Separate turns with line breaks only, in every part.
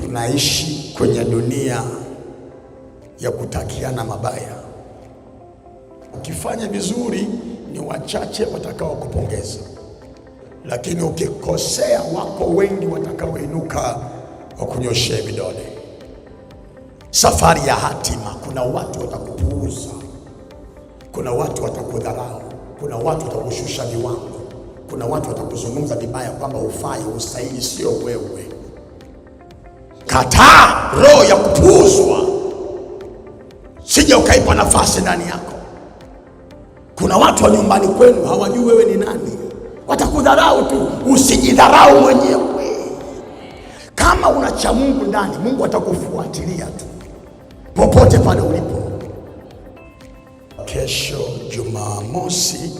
tunaishi kwenye dunia ya kutakiana mabaya. Ukifanya vizuri ni wachache watakao kupongeza, lakini ukikosea, wako wengi watakaoinuka wakunyoshee vidole. Safari ya hatima, kuna watu watakupuuza, kuna watu watakudharau, kuna watu watakushusha viwango, kuna watu watakuzungumza vibaya kwamba ufai, ustahili sio wewe. Kataa roho ya kupuuzwa, sija ukaipa nafasi ndani yako. Kuna watu wa nyumbani kwenu hawajui wewe ni nani, watakudharau tu. Usijidharau mwenyewe. Kama una cha Mungu ndani, Mungu atakufuatilia tu popote pale ulipo. Kesho Jumamosi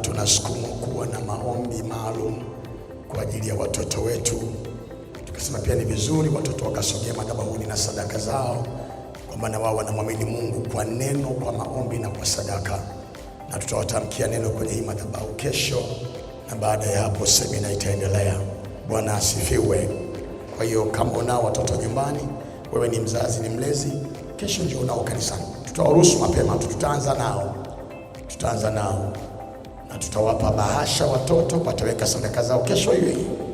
tunasukumwa kuwa na maombi maalum kwa ajili ya watoto wetu Akasema pia ni vizuri watoto wakasogea madhabahuni na sadaka zao, kwa maana wao wanamwamini Mungu kwa neno, kwa maombi na kwa sadaka, na tutawatamkia neno kwenye hii madhabahu kesho, na baada ya hapo semina itaendelea. Bwana asifiwe. Kwa hiyo kama unao watoto nyumbani, wewe ni mzazi, ni mlezi, kesho ndio unao kanisani, tutawaruhusu mapema tutaanza nao, tutaanza nao na tutawapa bahasha watoto, wataweka sadaka zao kesho hiyo hiyo.